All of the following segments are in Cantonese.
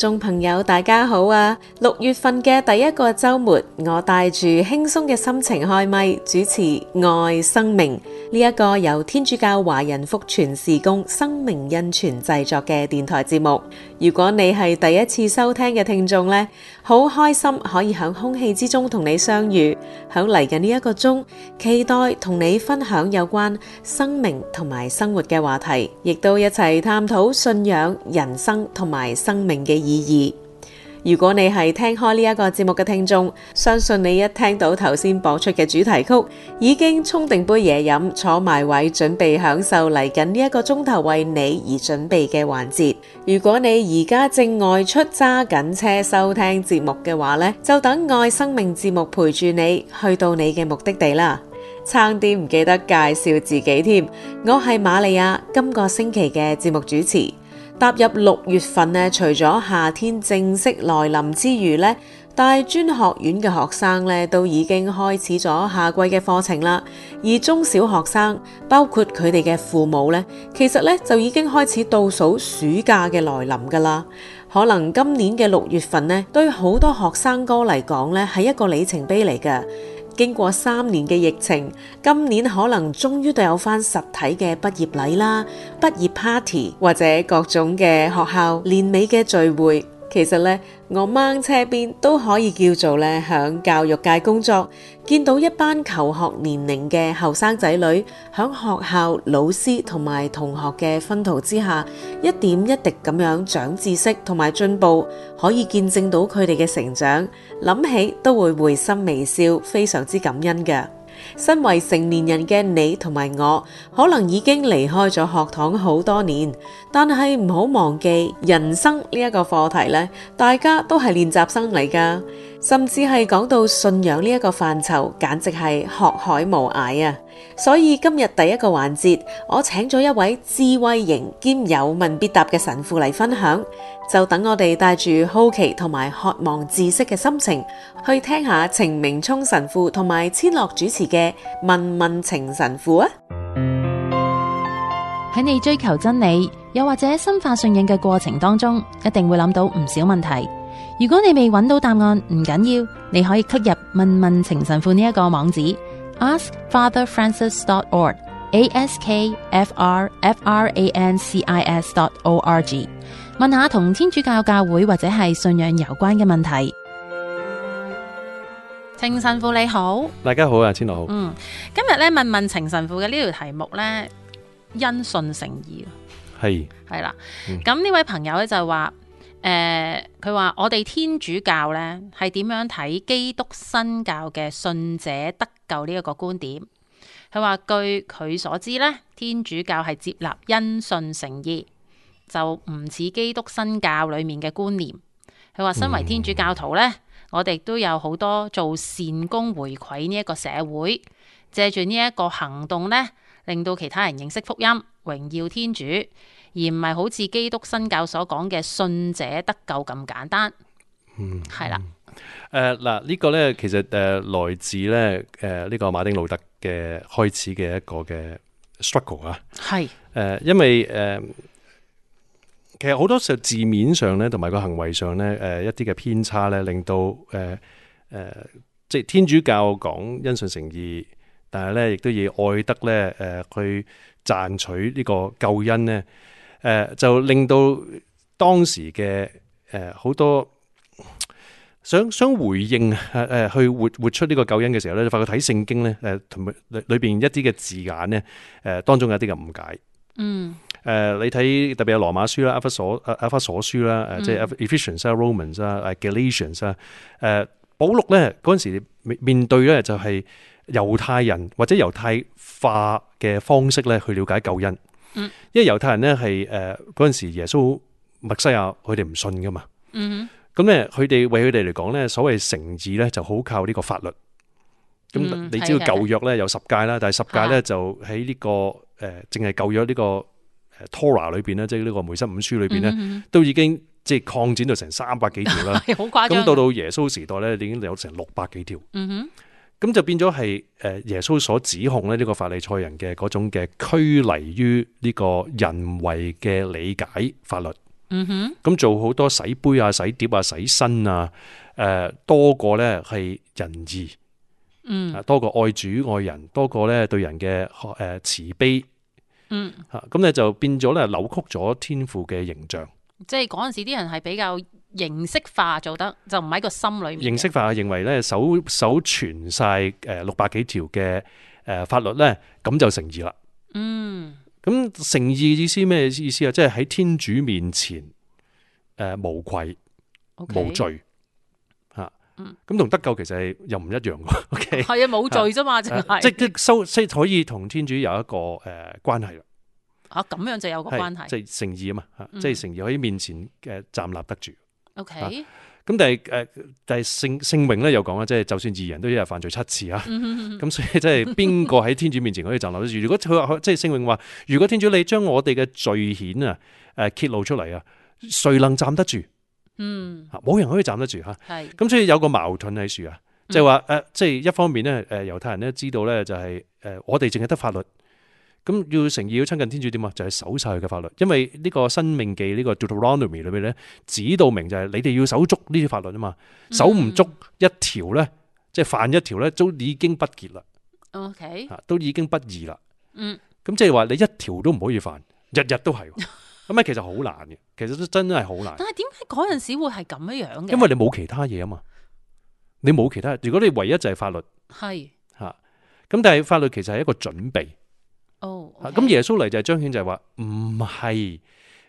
眾朋友，大家好啊！六月份嘅第一個周末，我帶住輕鬆嘅心情開咪主持《愛生命》。呢一個由天主教華人福傳事工生命恩泉製作嘅電台節目，如果你係第一次收聽嘅聽眾咧，好開心可以響空氣之中同你相遇，響嚟緊呢一個鐘，期待同你分享有關生命同埋生活嘅話題，亦都一齊探討信仰、人生同埋生命嘅意義。如果你係聽開呢一個節目嘅聽眾，相信你一聽到頭先播出嘅主題曲，已經沖定杯嘢飲，坐埋位準備享受嚟緊呢一個鐘頭為你而準備嘅環節。如果你而家正外出揸緊車收聽節目嘅話呢，就等愛生命節目陪住你去到你嘅目的地啦。差啲唔記得介紹自己添，我係瑪利亞，今個星期嘅節目主持。踏入六月份咧，除咗夏天正式來臨之餘咧，大專學院嘅學生咧都已經開始咗夏季嘅課程啦。而中小學生，包括佢哋嘅父母咧，其實咧就已經開始倒數暑假嘅來臨㗎喇。可能今年嘅六月份咧，對好多學生哥嚟講咧，係一個里程碑嚟嘅。經過三年嘅疫情，今年可能終於都有翻實體嘅畢業禮啦、畢業 party 或者各種嘅學校年尾嘅聚會。其實咧～我掹車邊都可以叫做咧，響教育界工作，見到一班求學年齡嘅後生仔女，響學校老師同埋同學嘅熏陶之下，一點一滴咁樣長知識同埋進步，可以見證到佢哋嘅成長，諗起都會會心微笑，非常之感恩嘅。身為成年人嘅你同埋我，可能已經離開咗學堂好多年，但係唔好忘記，人生呢一個課題咧，大家都係練習生嚟㗎，甚至係講到信仰呢一個範疇，簡直係學海無涯啊！所以今日第一個環節，我請咗一位智慧型兼有問必答嘅神父嚟分享，就等我哋帶住好奇同埋渴望知識嘅心情去聽下程明聰神父同埋千樂主持嘅問問程神父啊。喺你追求真理又或者深化信仰嘅過程當中，一定會諗到唔少問題。如果你未揾到答案，唔緊要，你可以吸入問問程神父呢一個網址。askfatherfrancis.org，ask f r f r a n c i s dot o r g，問下同天主教教會或者係信仰有關嘅問題。情神父你好，大家好啊，千樂好。嗯，今日咧問問情神父嘅呢條題目咧，因信成義。係係是啦，咁呢、嗯、位朋友咧就話。誒，佢話、呃、我哋天主教呢係點樣睇基督新教嘅信者得救呢一個觀點？佢話據佢所知呢，天主教係接納因信成義，就唔似基督新教裏面嘅觀念。佢話身為天主教徒呢，嗯、我哋都有好多做善工回饋呢一個社會，借住呢一個行動呢，令到其他人認識福音，榮耀天主。而唔係好似基督新教所講嘅信者得救咁簡單，係啦。誒嗱，呢個咧其實誒來自咧誒呢個馬丁路德嘅開始嘅一個嘅 struggle 啊是，係誒因為誒、嗯、其實好多時候字面上咧同埋個行為上咧誒一啲嘅偏差咧令到誒誒、呃呃、即係天主教講因信誠義，但係咧亦都以愛德咧誒去賺取呢個救恩咧。誒、呃，就令到當時嘅誒好多想想回應誒、呃、去活活出呢個救恩嘅時候咧，就發覺睇聖經咧，誒同埋裏裏邊一啲嘅字眼咧，誒、呃、當中有啲嘅誤解。嗯。誒、呃，你睇特別係羅馬書啦，厄弗所厄弗所書啦，誒即係 Ephesians 啊、Romans 啊、Galatians 啊，誒，保祿咧嗰陣時面面對咧就係猶太人或者猶太化嘅方式咧去了解救恩。因為猶太人咧係誒嗰陣時耶穌、默西亞佢哋唔信噶嘛，咁咧佢哋為佢哋嚟講咧所謂成義咧就好靠呢個法律，咁、mm hmm. 你知道舊約咧有十誡啦，mm hmm. 但係十誡咧就喺呢、這個誒淨係舊約呢個誒 Torah、ah、裏邊咧，即係呢個梅瑟五書裏邊咧、mm hmm. 都已經即係擴展到成三百幾條啦，好誇張。咁到到耶穌時代咧已經有成六百幾條。 咁就變咗係誒，耶穌所指控咧呢個法利賽人嘅嗰種嘅拘泥於呢個人為嘅理解法律。嗯哼。咁做好多洗杯啊、洗碟啊、洗身啊，誒、呃、多過咧係仁義。嗯。啊，多過愛主愛人，多過咧對人嘅誒慈悲。嗯。啊，咁咧就變咗咧扭曲咗天父嘅形象。即係嗰陣時啲人係比較。形式化做得就唔喺個心裏面。形式化認為咧，手手傳晒誒六百幾條嘅誒法律咧，咁就誠意啦。嗯，咁誠意意思咩意思啊？即係喺天主面前誒、呃、無愧無罪吓。咁同、嗯啊、得救其實又唔一樣嘅。O K 係啊，冇罪啫嘛，就係即係收即可以同天主有一個誒關係啦、啊就是。啊，咁樣就有個關係，即係誠意啊嘛吓，即係誠意喺面前嘅站立得住。嗯 OK，咁但係誒，但係聖聖詠咧又講啦，即、就、係、是、就算義人都一日犯罪七次 啊，咁所以即係邊個喺天主面前可以站立得住？ 如果佢話即係聖詠話，如果天主你將我哋嘅罪顯啊誒、啊、揭露出嚟啊，誰能站得住？嗯，冇、啊、人可以站得住吓，係、啊。咁是、啊、所以有個矛盾喺處、就是、啊，即係話誒，即係一方面咧，誒猶太人咧知道咧就係誒我哋淨係得法律。咁要誠意要親近天主，點啊？就係守晒佢嘅法律，因為呢個申命記呢個 Deuteronomy 裏邊咧，指到明就係你哋要守足呢啲法律啊嘛。守唔足一條咧，即係犯一條咧，都已經不結啦。O K 吓，都已經不義啦。嗯，咁即係話你一條都唔可以犯，日日都係咁啊。其實好難嘅，其實真真係好難。但係點解嗰陣時會係咁樣樣嘅？因為你冇其他嘢啊嘛，你冇其他。如果你唯一就係法律，係吓咁，但係法律其實係一個準備。哦，咁、oh, okay. 耶穌嚟就係彰顯就係話唔係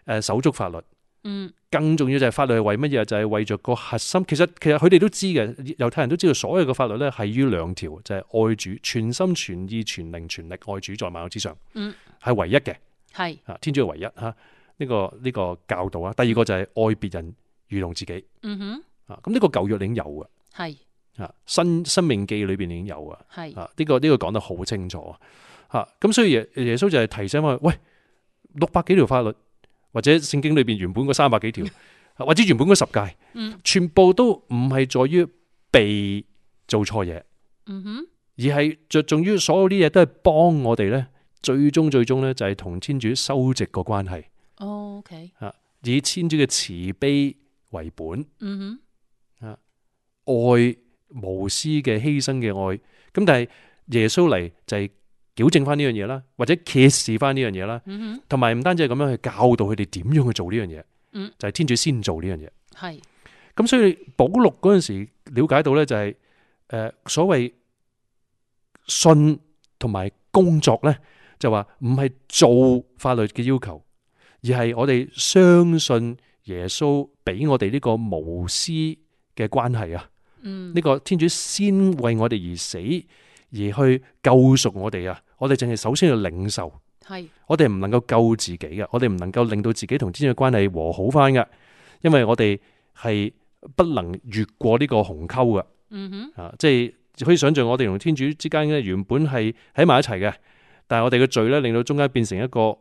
誒手足法律，嗯，更重要就係法律係為乜嘢？就係、是、為着個核心。其實其實佢哋都知嘅，猶太人都知道，所有嘅法律咧係於兩條，就係、是、愛主全心全意全靈全力愛主在萬有之上，嗯，係唯一嘅，係啊是，天主係唯一吓，呢、這個呢、這個教導啊。第二個就係愛別人如同自己，嗯哼，啊，咁呢個舊約已經有嘅，係啊是，新申命紀裏邊已經有嘅，係啊是，呢、這個呢、這個講得好清楚啊。吓，咁、啊、所以耶耶穌就係提醒我，喂，六百幾條法律或者聖經裏邊原本嗰三百幾條， 或者原本嗰十誡，嗯，全部都唔係在於避做錯嘢，嗯哼，而係着重於所有啲嘢都係幫我哋咧，最終最終咧就係同天主修直個關係、哦、，OK，吓、啊，以天主嘅慈悲為本，嗯哼，吓、啊，愛無私嘅犧牲嘅愛，咁但係耶穌嚟就係、是。矯正翻呢樣嘢啦，或者揭示翻呢樣嘢啦，同埋唔單止係咁樣去教導佢哋點樣去做呢樣嘢，嗯、就係天主先做呢樣嘢。係是，咁所以保禄嗰陣時了解到咧，就係誒所謂信同埋工作咧，就話唔係做法律嘅要求，嗯、而係我哋相信耶穌俾我哋呢個無私嘅關係啊，呢、嗯、個天主先為我哋而死。而去救贖我哋啊！我哋淨係首先要領受，係是我哋唔能夠救自己嘅，我哋唔能夠令到自己同天主嘅關係和好翻嘅，因為我哋係不能越過呢個鴻溝嘅。嗯哼，啊，即係可以想象我哋同天主之間咧原本係喺埋一齊嘅，但係我哋嘅罪咧令到中間變成一個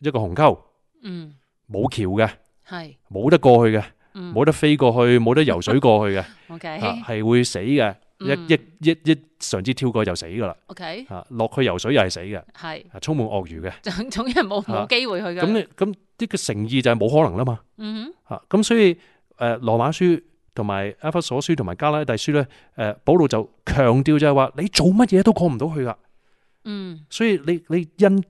一個鴻溝，嗯，冇橋嘅，係冇是得過去嘅，冇、嗯、得飛過去，冇得游水過去嘅 ，OK，係、啊、會死嘅。一、一、一、一，上次跳過去就死噶啦。OK，吓落去游水又係死嘅，係啊，充滿鱷魚嘅，總總係冇冇機會去嘅。咁咁呢個誠意就係冇可能啦嘛。嗯吓咁所以誒羅馬書同埋阿弗所書同埋迦拉達書咧，誒保祿就強調就係話你做乜嘢都過唔到去噶。嗯、mm，hmm. 所以你你因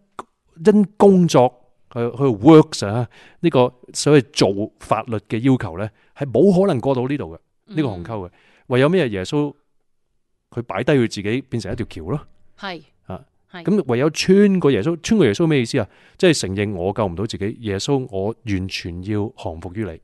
因工作去、呃、去 works 啊呢、這個所謂做法律嘅要求咧係冇可能過到呢度嘅呢個鴻溝嘅，唯、mm hmm. 有咩耶穌。佢擺低佢自己變成一條橋咯，係啊，咁唯有穿過耶穌，穿過耶穌咩意思啊？即係承認我救唔到自己，耶穌我完全要降服於你，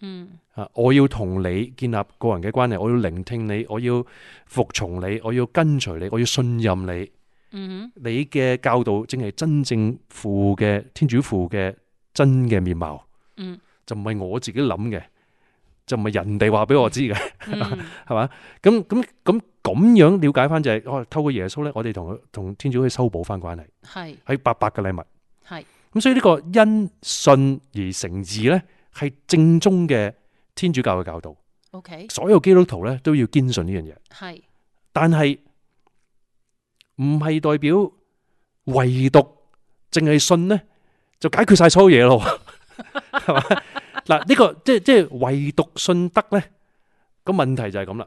嗯啊，我要同你建立個人嘅關係，我要聆聽你，我要服從你，我要跟隨你，我要信任你，嗯哼，你嘅教導正係真正父嘅天主父嘅真嘅面貌，嗯，就唔係我自己諗嘅，就唔係人哋話俾我知嘅，係嘛、嗯？咁咁咁。咁樣了解翻就係，哦透過耶穌咧，我哋同佢同天主可以修補翻關係，係係白白嘅禮物，係咁所以呢個因信而成義咧，係正宗嘅天主教嘅教導，OK，所有基督徒咧都要堅信呢樣嘢，係，但係唔係代表唯獨淨係信咧就解決晒所有嘢咯，係嘛？嗱呢個即係即係唯獨信德咧個問題就係咁啦。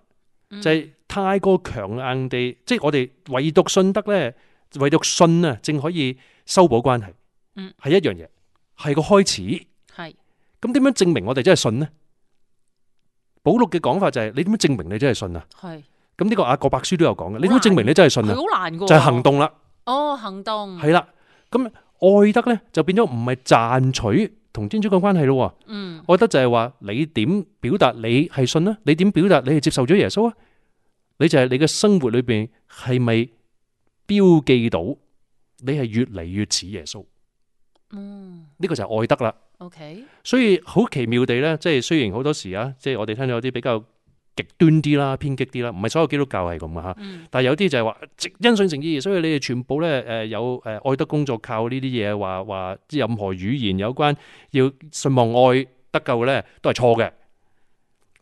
就係太過強硬地，即係我哋唯獨信德咧，唯獨信啊，正可以修補關係，係一樣嘢，係個開始。係，咁點樣證明我哋真係信呢？保祿嘅講法就係，你點樣證明你真係信啊？係，咁呢個阿郭伯書都有講嘅，你點樣證明你真係信啊？係好難噶，就係行動啦。哦，行動係啦，咁愛德咧就變咗唔係賺取，同天主個關係咯，嗯，愛德就係話你點表達你係信啊，你點表達你係接受咗耶穌啊？你就係你嘅生活裏邊係咪標記到你係越嚟越似耶穌？嗯，呢個就係愛德啦。OK，所以好奇妙地咧，即係雖然好多時啊，即係我哋聽到有啲比較，極端啲啦，偏激啲啦，唔係所有基督教係咁嘅吓。嗯、但係有啲就係話，因信稱義，所以你哋全部咧，誒、呃、有誒愛德工作靠呢啲嘢，話話即任何語言有關要信望愛得救咧，都係錯嘅。咁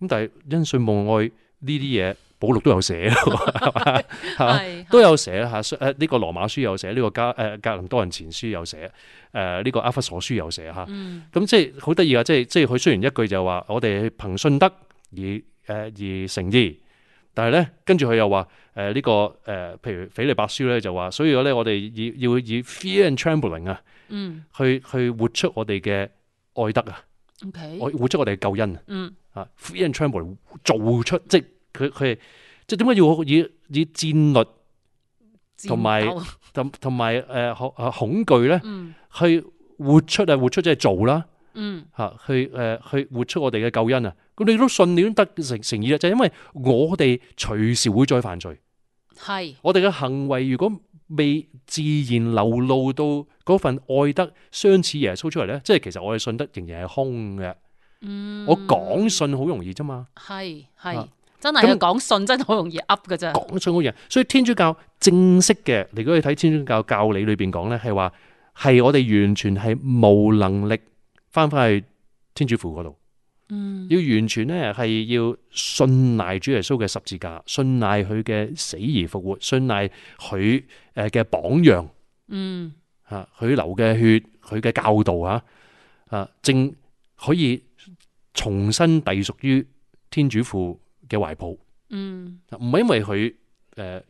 但係因信望愛呢啲嘢，保祿都有寫，係、 啊、 都有寫吓。誒、這、呢個羅馬書有寫，呢、這個加誒格林多人前書有寫，誒、這、呢個阿弗所書有寫吓。咁即係好得意啊！嗯、即係即係佢雖然一句就話，我哋憑信德。」而。誒，而成之，但係咧，跟住佢又話誒呢個誒、呃，譬如腓利白書咧就話，所以咧我哋要要以 fear and trembling 啊，嗯，去去活出我哋嘅愛德啊，OK，我活出我哋嘅救恩、嗯、啊，嗯啊，fear and trembling 做出即係佢佢即係點解要以以戰慄同埋同埋誒恐恐懼咧，去活出啊活出即係做啦，嗯嚇去誒去活出我哋嘅救恩啊。佢哋都信了得成成義啦，就係、因為我哋隨時會再犯罪，係是我哋嘅行為如果未自然流露到嗰份愛德，相似耶穌出嚟咧，即係其實我哋信德仍然係空嘅。嗯，我講信好容易啫嘛，係係、啊、真係講信真係好容易噏㗎啫，講那信好易。所以天主教正式嘅，你如果你睇天主教教理裏邊講咧，係話係我哋完全係冇能力翻返去天主父嗰度。嗯，要完全咧係要信賴主耶穌嘅十字架，信賴佢嘅死而復活，信賴佢誒嘅榜樣，嗯吓，佢、啊、流嘅血，佢嘅教導啊，啊，正可以重新隸屬於天主父嘅懷抱。嗯，唔係、啊、因為佢誒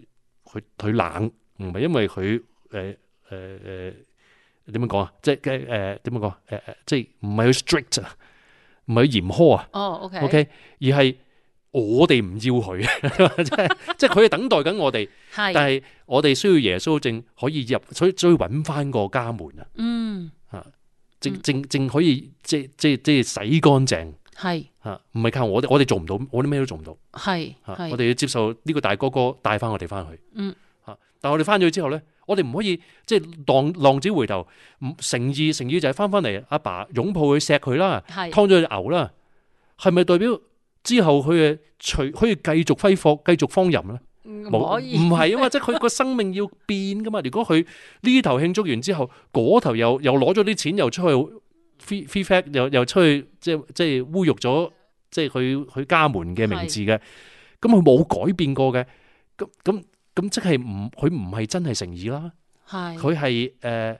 佢佢冷，唔係因為佢誒誒誒點樣講啊？即係誒點樣講？誒、呃、誒、呃，即係唔係好 strict 啊？唔係嚴苛啊，哦 OK 而係我哋唔要佢，即係即係佢等待緊我哋， 是但係我哋需要耶穌正可以入，所以所以搵翻個家門啊，嗯，啊，正正正可以即即即洗乾淨，係啊是，唔係靠我哋，我哋做唔到，我哋咩都做唔到，係我哋要接受呢個大哥哥帶翻我哋翻去，嗯，啊，但係我哋翻咗去之後咧。我哋唔可以即係浪浪子回頭，誠意誠意就係翻翻嚟阿爸擁抱佢、錫佢啦，劏咗隻牛啦，係咪代表之後佢誒隨可以繼續揮霍，繼續放任咧？唔可以，唔係啊嘛，即係佢個生命要變噶嘛。如果佢呢頭慶祝完之後，嗰頭又又攞咗啲錢，又出去 free free fact 又又出去即係即係污辱咗即係佢佢家門嘅名字嘅，咁佢冇改變過嘅，咁咁。咁即係唔佢唔係真係誠意啦，佢係誒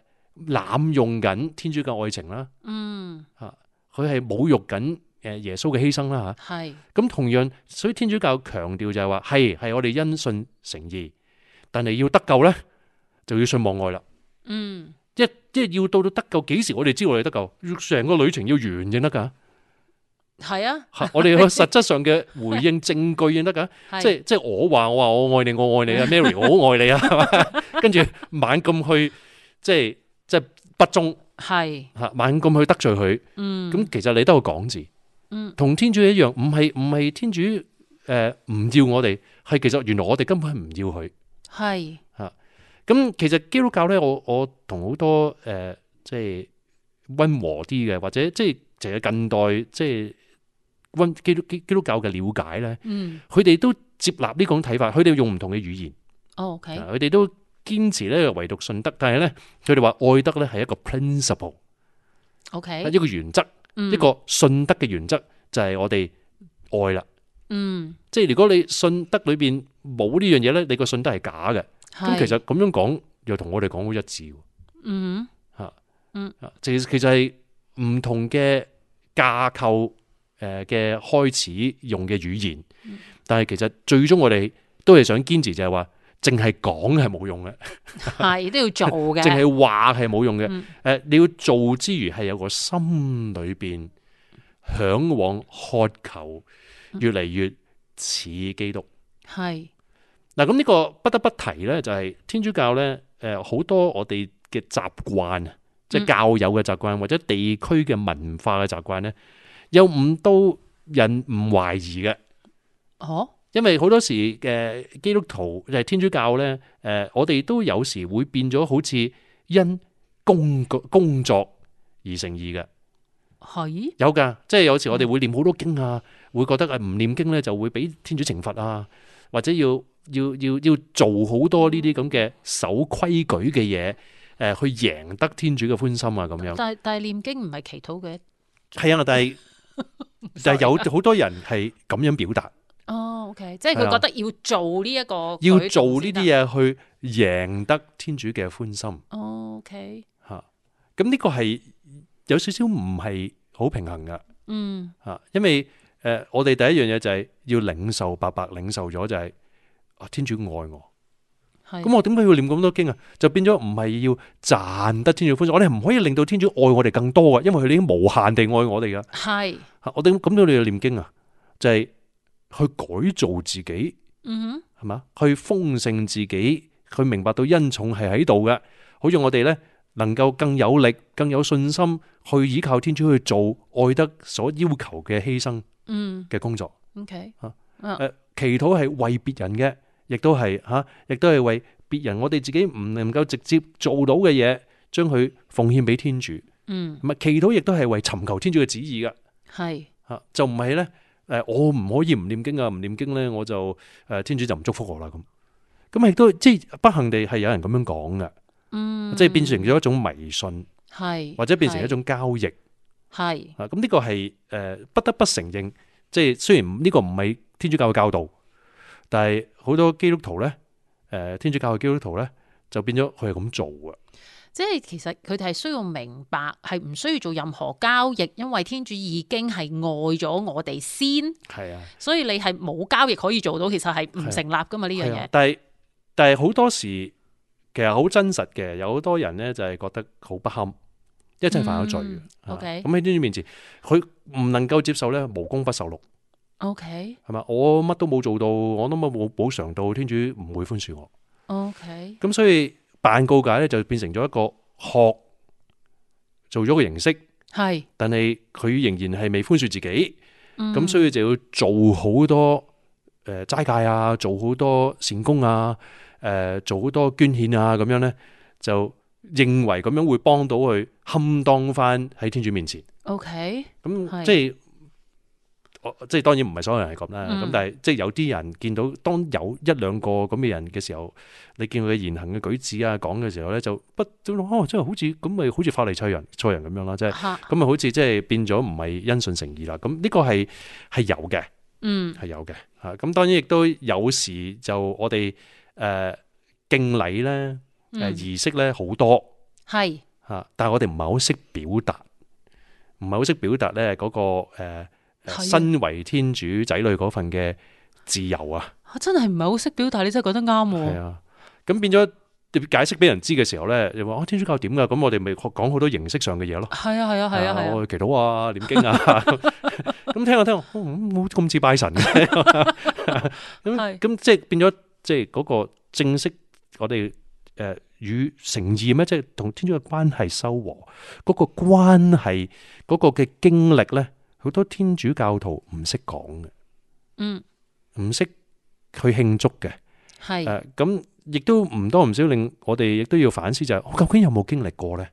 濫用緊天主教愛情啦，嗯吓佢係侮辱緊誒耶穌嘅犧牲啦吓，係咁是同樣，所以天主教強調就係話係係我哋因信誠意，但係要得救咧就要信望愛啦，嗯，即即係要到到得救幾時我哋知我哋得救，要成個旅程要完整得噶。係啊， 我哋去實質上嘅回應證據先得噶，即係即係我話我話我愛你，我愛你啊，Mary，我好愛你啊，跟住猛咁去，即係即係不忠，係吓猛咁去得罪佢，咁、嗯、其實你得個講字，同、嗯、天主一樣，唔係唔係天主誒，唔要我哋，係其實原來我哋根本係唔要佢，係吓是，咁、嗯、其實基督教咧，我我同好多誒、呃、即係温和啲嘅，或者即係其實近代即係。溫基督、基督教嘅了解咧，佢哋、嗯、都接納呢種睇法，佢哋用唔同嘅語言。哦，佢哋、okay、都堅持咧，唯獨信德，但係咧，佢哋話愛德咧係一個 principle，Okay 一個原則。OK，一個原則，一個信德嘅原則就係我哋愛啦。嗯，即係如果你信德裏邊冇呢樣嘢咧，你個信德係假嘅。咁是其實咁樣講又同我哋講好一致。嗯吓，嗯，其實其實係唔同嘅架構。誒嘅開始用嘅語言，嗯、但係其實最終我哋都係想堅持就係話，淨係講係冇用嘅，係 都要做嘅。淨係話係冇用嘅。誒、嗯，你要做之餘，係有個心裏邊向往渴求，越嚟越似基督。係嗱、嗯，咁呢是個不得不提咧，就係天主教咧，誒，好多我哋嘅習慣，即、就、係、是、教友嘅習慣，或者地區嘅文化嘅習慣咧。嗯有唔都人唔懷疑嘅，哦、啊，因為好多時嘅基督徒就係、是、天主教咧，誒，我哋都有時會變咗好似因工作工作而成意嘅，係是有噶，即係有時我哋會念好多經啊，會覺得啊唔念經咧就會俾天主懲罰啊，或者要要要要做好多呢啲咁嘅守規矩嘅嘢，誒，去贏得天主嘅歡心啊咁樣。但係但係念經唔係祈禱嘅，係啊，但係。 就係有好多人係咁樣表達哦、 oh,，OK，即係佢覺得要做呢一個， 要做呢啲嘢去贏得天主嘅歡心、oh,，OK，吓，咁呢個係有少少唔係好平衡㗎，嗯，吓，因為誒，我哋第一樣嘢就係要領受白白領,領受咗就係，啊，天主愛我。咁我點解要念咁多經啊？就變咗唔係要賺得天主歡心，我哋唔可以令到天主愛我哋更多噶，因為佢哋已經無限地愛我哋噶。係的，我哋咁樣嚟去念經啊，就係、是、去改造自己，係嘛、嗯哼？去豐盛自己，去明白到恩寵係喺度嘅，好讓我哋咧能夠更有力、更有信心去依靠天主去做愛德所要求嘅犧牲，嗯嘅工作。嗯、o、okay. K，啊，誒、呃，祈禱係為別人嘅。亦都係吓，亦都係為別人。我哋自己唔能夠直接做到嘅嘢，將佢奉獻俾天主。嗯，咁祈禱亦都係為尋求天主嘅旨意噶。係吓就唔係咧誒，我唔可以唔念經啊，唔念經咧我就誒，嗯、天主就唔祝福我啦。咁咁亦都即係不幸地係有人咁樣講噶，嗯，即係變成咗一種迷信，係、嗯、或者變成一種交易，係、嗯、係啊。咁呢個係誒不得不承認，即係雖然呢個唔係天主教嘅教導，但係。好多基督徒咧，誒、呃、天主教嘅基督徒咧，就變咗佢係咁做啊！即係其實佢哋係需要明白，係唔需要做任何交易，因為天主已經係愛咗我哋先。係啊，所以你係冇交易可以做到，其實係唔成立噶嘛呢樣嘢。但係但係好多時其實好真實嘅，有好多人咧就係覺得好不堪，一陣犯咗罪、嗯、OK，咁喺、啊、天主面前，佢唔能夠接受咧，無功不受祿。O K，係嘛？我乜都冇做到，我都冇補償到，天主唔會寬恕我。O K，咁所以辦告解咧就變成咗一個學做咗個形式，係是，但係佢仍然係未寬恕自己。咁、嗯、所以就要做好多誒齋戒啊，做好多善功啊，誒、呃、做好多捐獻啊，咁樣咧就認為咁樣會幫到佢堪當翻喺天主面前。O K，咁即係。即係當然唔係所有人係咁啦。咁但係即係有啲人見到當有一兩個咁嘅人嘅時候，你見佢言行嘅舉止啊，講嘅時候咧，就不就諗哦，真係好似咁咪好似法利賽人賽人咁樣啦，即係咁咪好似即係變咗唔係因信成義啦。咁呢個係係有嘅，嗯，係有嘅嚇。咁當然亦都有時就我哋誒敬禮咧誒儀式咧好多係嚇，但係我哋唔係好識表達，唔係好識表達咧嗰個誒。身為天主仔女嗰份嘅自由啊，啊真係唔係好識表達，但你真係覺得啱。係啊，咁、啊、變咗解釋俾人知嘅時候咧，又話啊，天主教點噶？咁我哋咪講好多形式上嘅嘢咯。係啊，係啊，係啊，我祈禱啊，念、哦啊、經啊，咁 聽我聽我，好咁似拜神。咁 咁 是即係變咗，即係嗰個正式我哋誒與誠意咩？即係同天主嘅關係修和，嗰、那個關係嗰、那個嘅經歷咧。好多天主教徒唔識講嘅，嗯，唔識去慶祝嘅，係是，誒、呃，咁亦都唔多唔少令我哋亦都要反思就係、是，我究竟有冇經歷過咧？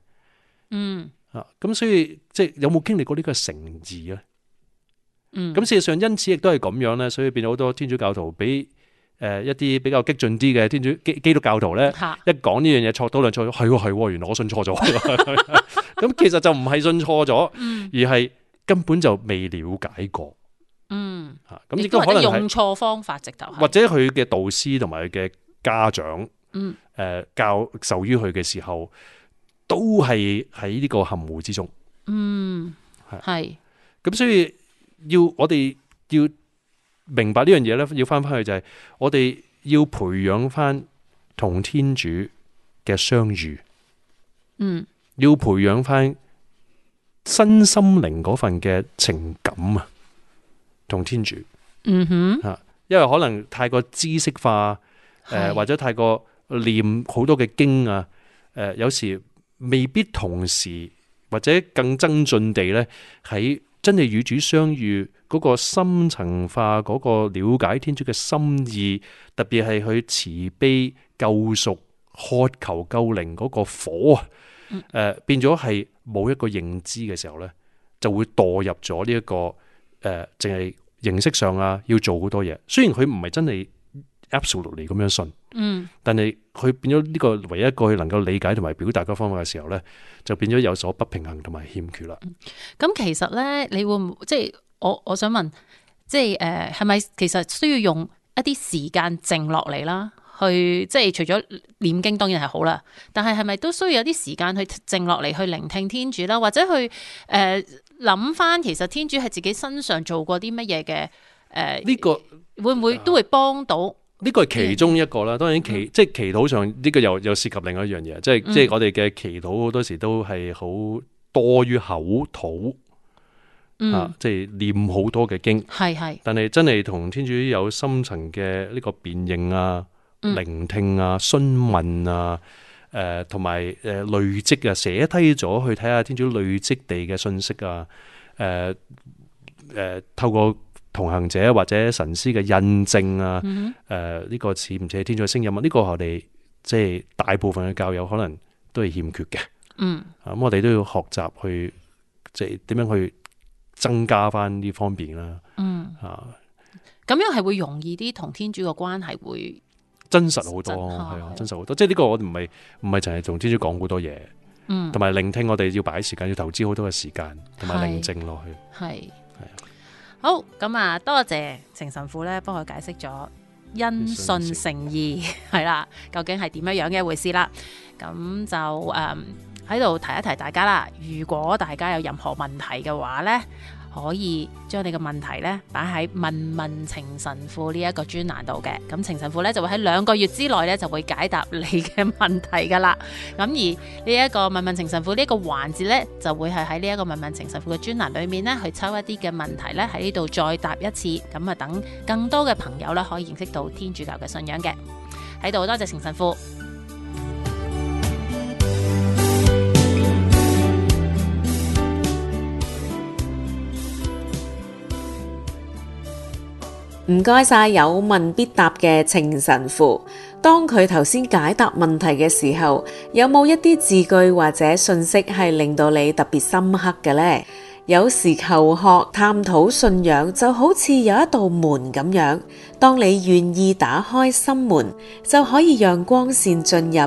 嗯，啊，咁所以即係有冇經歷過呢個誠字咧？嗯、咁、啊嗯、事實上因此亦都係咁樣咧，所以變咗好多天主教徒俾誒一啲比較激進啲嘅天主基基督教徒咧，一講呢樣嘢錯多兩錯，係係原來我信錯咗，咁、嗯、 其實就唔係信錯咗，而係，嗯根本就未了解過，嗯，吓咁亦都可能用錯方法直頭，或者佢嘅導師同埋佢嘅家長，嗯，誒教授於佢嘅時候，都係喺呢個含糊之中，嗯係，咁所以要我哋要明白呢樣嘢咧，要翻翻去就係、是、我哋要培養翻同天主嘅相遇，嗯，要培養翻。身心靈嗰份嘅情感啊，同天主，嗯哼、mm，吓、hmm.，因為可能太過知識化，誒、呃，或者太過念好多嘅經啊，誒、呃，有時未必同時或者更增進地咧，喺真係與主相遇嗰個深層化，嗰個了解天主嘅心意，特別係去慈悲救贖渴求救靈嗰個火啊，誒、呃，變咗係。冇一個認知嘅時候咧，就會墮入咗呢一個誒，淨、呃、係形式上啊，要做好多嘢。雖然佢唔係真係 absolutely 咁樣信，嗯，但係佢變咗呢個唯一一個能夠理解同埋表達嗰方法嘅時候咧，就變咗有所不平衡同埋欠缺啦。咁、嗯嗯、其實咧，你會唔即係我我想問，即係誒，係、呃、咪其實需要用一啲時間靜落嚟啦？去即係除咗念經，當然係好啦。但係係咪都需要有啲時間去靜落嚟，去聆聽天主啦，或者去誒諗翻其實天主喺自己身上做過啲乜嘢嘅誒？呢個會唔會都會幫到？呢個係其中一個啦。當然祈即係祈禱上呢個又又涉及另外一樣嘢，即係即係我哋嘅祈禱好多時都係好多於口吐啊，即係念好多嘅經，係係。但係真係同天主有深層嘅呢個辨認啊。聆聽啊、詢問啊、誒、呃，同埋誒累積啊，寫低咗去睇下天主累積地嘅信息啊，誒、呃、誒、呃，透過同行者或者神師嘅印證啊，誒、呃，呢、這個似唔似天主嘅聲音啊？呢、這個我哋即係大部分嘅教友可能都係欠缺嘅、嗯啊，嗯，咁我哋都要學習去即係點樣去增加翻呢方面啦，嗯，啊，咁樣係會容易啲同天主嘅關係會。真實好多，係真啊，真實好多，的即係呢個我哋唔係唔係淨係同天主講好多嘢。嗯，同埋聆聽我哋要擺時間，要投資好多嘅時間，同埋寧靜落去，係係啊，的好，咁啊，多謝程神父咧，幫我解釋咗因信誠意、嗯、成義係啦，嗯、 究竟係點樣樣嘅一回事啦，咁就誒喺度提一提大家啦，如果大家有任何問題嘅話咧，可以將你嘅問題呢擺喺問問情神父呢一個專欄度嘅，咁情神父呢，就會喺兩個月之內呢就會解答你嘅問題噶啦。咁而呢一個問問情神父呢個環節呢，就會係喺呢一個問問情神父嘅專欄裏面呢，去抽一啲嘅問題呢喺呢度再答一次，咁啊等更多嘅朋友呢，可以認識到天主教嘅信仰嘅。喺度多謝情神父。唔該晒，有問必答嘅情神父。當佢頭先解答問題嘅時候，有冇一啲字句或者信息係令到你特別深刻嘅呢？有時求學探討信仰就好似有一道門咁樣，當你願意打開心門，就可以讓光綫進入，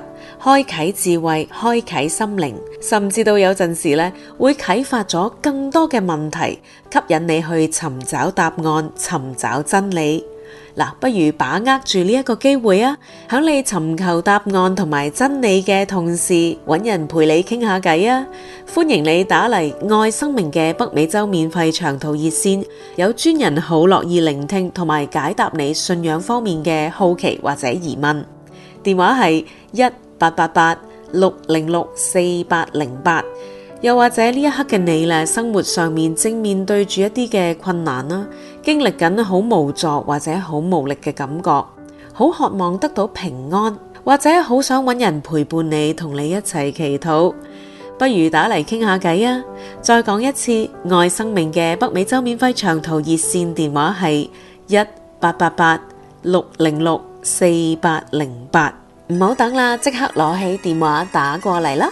開啟智慧，開啟心靈，甚至到有陣時咧會啟發咗更多嘅問題，吸引你去尋找答案，尋找真理。嗱、啊，不如把握住呢一個機會啊！喺你尋求答案同埋真理嘅同時，揾人陪你傾下偈啊！歡迎你打嚟愛生命嘅北美洲免費長途熱線，有專人好樂意聆聽同埋解答你信仰方面嘅好奇或者疑問。電話係一八八八六零六四八零八。8, 又或者呢一刻嘅你啦，生活上面正面對住一啲嘅困難啦、啊。經歷緊好無助或者好無力嘅感覺，好渴望得到平安，或者好想揾人陪伴你，同你一齊祈禱。不如打嚟傾下偈吖！再講一次，愛生命嘅北美洲免費長途熱線電話係一八八八六零六四八零八，唔好等啦，即刻攞起電話打過嚟啦！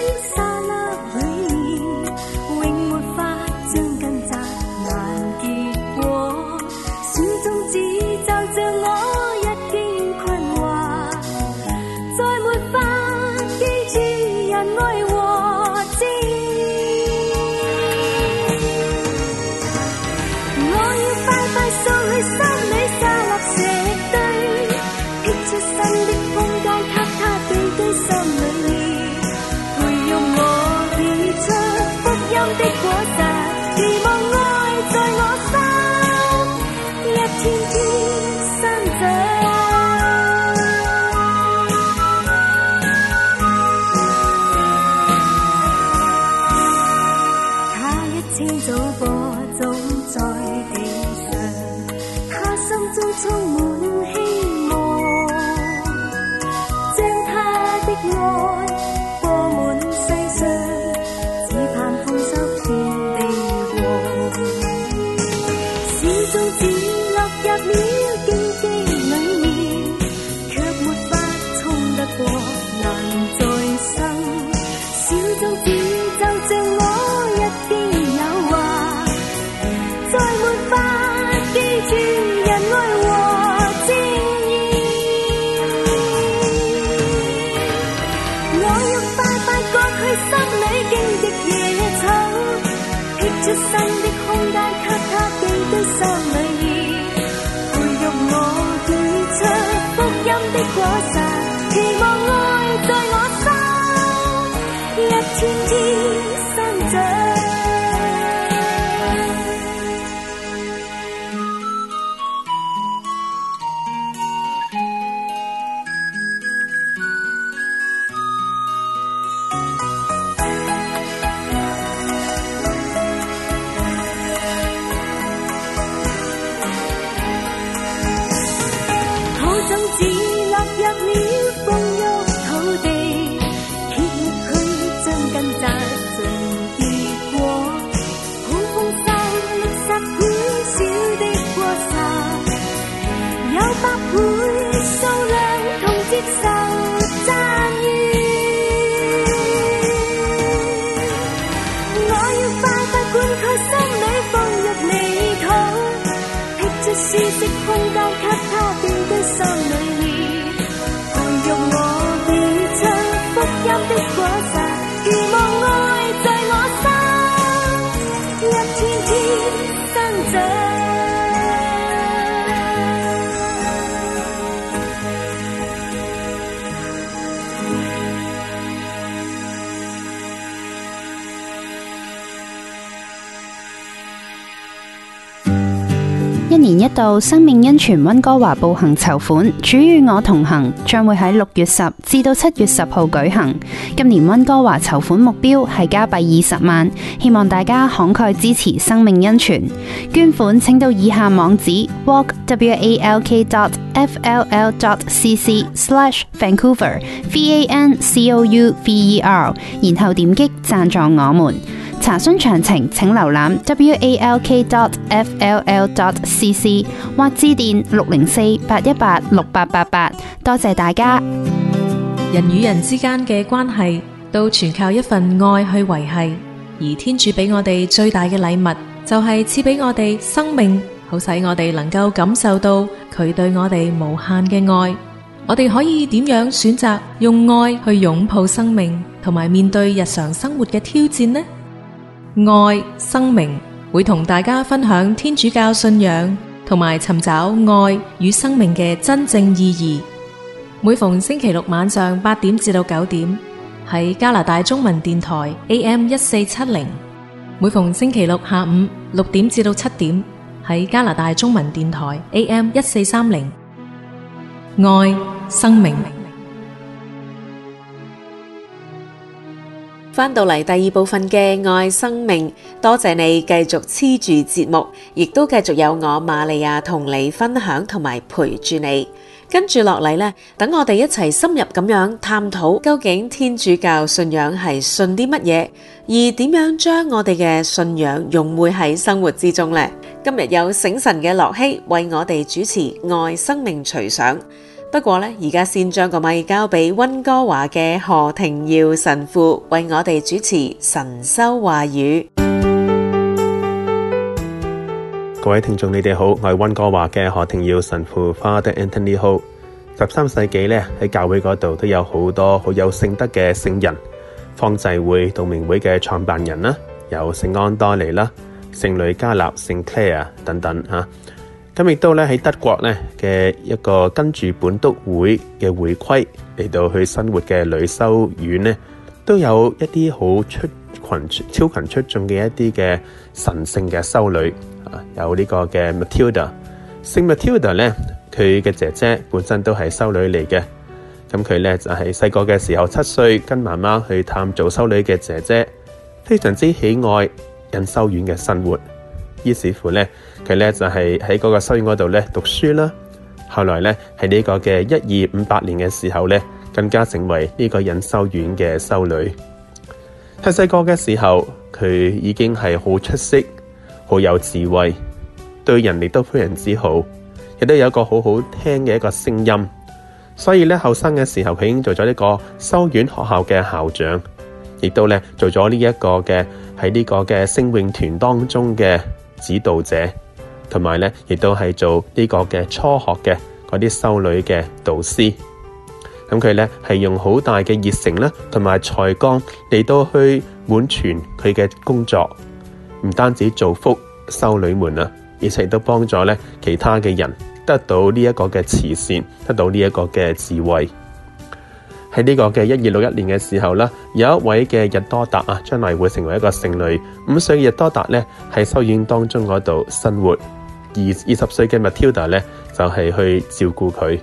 全溫哥華步行籌款，主與我同行將會喺六月十至到七月十號舉行。今年溫哥華籌款目標係加幣二十萬，希望大家慷慨支持生命恩泉。捐款請到以下網址 w a l k w a l k f l l c c s l a s h v a n c o u v e r v a n c o u v e r 然後點擊贊助我們。查詢詳情，請瀏覽 w a l k dot f l l dot c c 或致電六零四八一八六八八八。多謝大家。人與人之間嘅關係，都全靠一份愛去維繫。而天主俾我哋最大嘅禮物，就係賜俾我哋生命，好使我哋能夠感受到佢對我哋無限嘅愛。我哋可以點樣選擇用愛去擁抱生命，同埋面對日常生活嘅挑戰呢？愛生命會同大家分享天主教信仰同埋尋找愛與生命嘅真正意義。每逢星期六晚上八點至到九點喺加拿大中文電台 AM 一四七零；每逢星期六下午六點至到七點喺加拿大中文電台 AM 一四三零。愛生命。翻到嚟第二部分嘅愛生命，多謝你繼續黐住節目，亦都繼續有我瑪利亞同你分享同埋陪住你。跟住落嚟呢，等我哋一齊深入咁樣探討，究竟天主教信仰係信啲乜嘢，而點樣將我哋嘅信仰融匯喺生活之中呢？今日有醒神嘅駱曦為我哋主持愛生命隨想。不過呢，而家先將個咪交俾溫哥華嘅何庭耀神父，為我哋主持神修話語。各位聽眾，你哋好，我係溫哥華嘅何庭耀神父 Father Anthony Ho。十三世紀呢，喺教會嗰度都有好多好有聖德嘅聖人，方濟會、道明會嘅創辦人啦，有聖安多尼啦、聖女加納、聖 Claire 等等吓。咁亦都咧喺德國咧嘅一個跟住本篤會嘅會規嚟到去生活嘅女修院咧，都有一啲好出群、超群出眾嘅一啲嘅神性嘅修女，啊，有呢個嘅 Matilda。聖 Matilda 咧，佢嘅姐姐本身都係修女嚟嘅。咁佢咧就係細個嘅時候，七歲，跟媽媽去探做修女嘅姐姐，非常之喜愛隱修院嘅生活。於是乎咧。佢咧就係喺嗰個修院嗰度咧讀書啦。後來咧喺呢個嘅一二五八年嘅時候咧，更加成為呢個隱修院嘅修女。細細個嘅時候，佢已經係好出色、好有智慧，對人亦都非常之好，亦都有一個好好聽嘅一個聲音。所以咧後生嘅時候，佢已經做咗呢個修院學校嘅校長，亦都咧做咗呢一個嘅喺呢個嘅聖詠團當中嘅指導者。同埋咧，亦都係做呢個嘅初學嘅嗰啲修女嘅導師。咁佢咧係用好大嘅熱誠啦，同埋才幹嚟到去滿全佢嘅工作。唔單止造福修女們啊，而且都幫助咧其他嘅人得到呢一個嘅慈善，得到呢一個嘅智慧。喺呢個嘅一二六一年嘅時候啦，有一位嘅日多達啊，將來會成為一個聖女。咁所以日多達咧喺修院當中嗰度生活。二二十歲嘅 Matilda 咧，就係去照顧佢。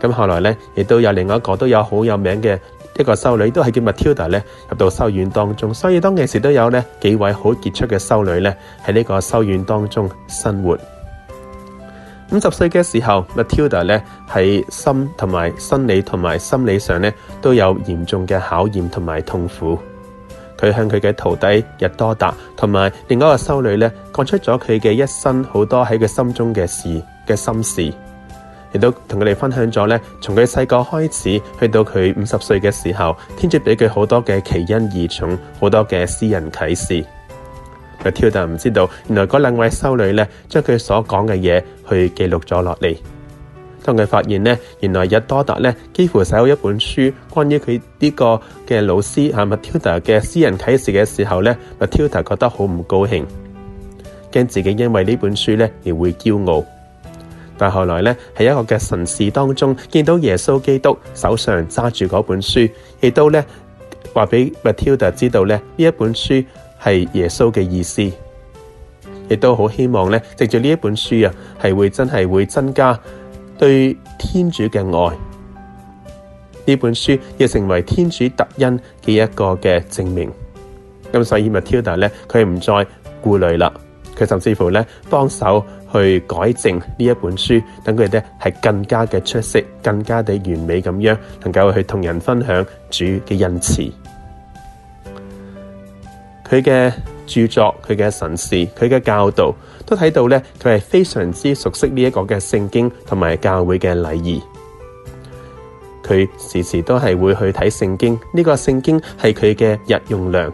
咁後來咧，亦都有另外一個都有好有名嘅一個修女，都係叫 Matilda 咧，入到修院當中。所以當其時都有呢幾位好傑出嘅修女咧，喺呢個修院當中生活。五十歲嘅時候，Matilda 咧喺心同埋心理同埋心理上咧都有嚴重嘅考驗同埋痛苦。佢向佢嘅徒弟日多達同埋另外一個修女咧，講出咗佢嘅一生好多喺佢心中嘅事嘅心事，亦都同佢哋分享咗咧，從佢細個開始去到佢五十歲嘅時候，天主俾佢好多嘅奇恩異寵，好多嘅私人啟示。但係跳達唔知道，原來嗰兩位修女咧，將佢所講嘅嘢去記錄咗落嚟。當佢發現咧，原來日多達咧幾乎寫好一本書，關於佢呢個嘅老師、啊、Matilda 嘅私人啟示嘅時候呢 Matilda 覺得好唔高興，驚自己因為呢本書咧而會驕傲。但後來呢，喺一個嘅神事當中見到耶穌基督手上揸住嗰本書，亦都咧話俾 Matilda 知道咧呢一本書係耶穌嘅意思，亦都好希望呢，藉住呢一本書啊，係會真係會增加。對天主嘅愛，呢本書亦成為天主特恩嘅一個嘅證明，咁所以 Matilda 咧，佢唔再顧慮啦，佢甚至乎咧幫手去改正呢一本書，等佢哋咧係更加嘅出色，更加地完美咁樣，能夠去同人分享主嘅恩慈，佢嘅。著作佢嘅神事，佢嘅教導都睇到咧，佢係非常之熟悉呢一個嘅聖經同埋教會嘅禮儀。佢時時都係會去睇聖經，呢個聖經係佢嘅日用量。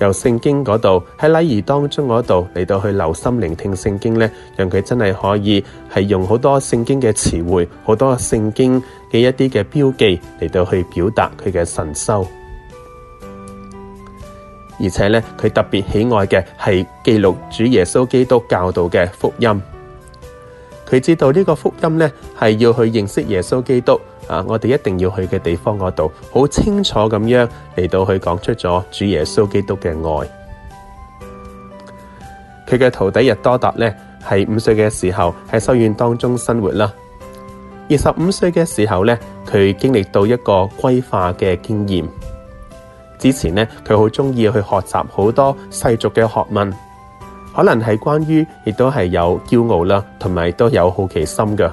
由聖經嗰度喺禮儀當中嗰度嚟到去留心聆聽聖經咧，讓佢真係可以係用好多聖經嘅詞彙，好多聖經嘅一啲嘅標記嚟到去表達佢嘅神修。而且咧，佢特別喜愛嘅係記錄主耶穌基督教導嘅福音。佢知道呢個福音咧，係要去認識耶穌基督啊，我哋一定要去嘅地方嗰度，好清楚咁樣嚟到去講出咗主耶穌基督嘅愛。佢嘅徒弟日多達咧，係五歲嘅時候喺修院當中生活啦。二十五歲嘅時候咧，佢經歷到一個歸化嘅經驗。之前呢，佢好中意去學習好多世俗嘅學問，可能係關於亦都係有驕傲啦，同埋都有好奇心噶。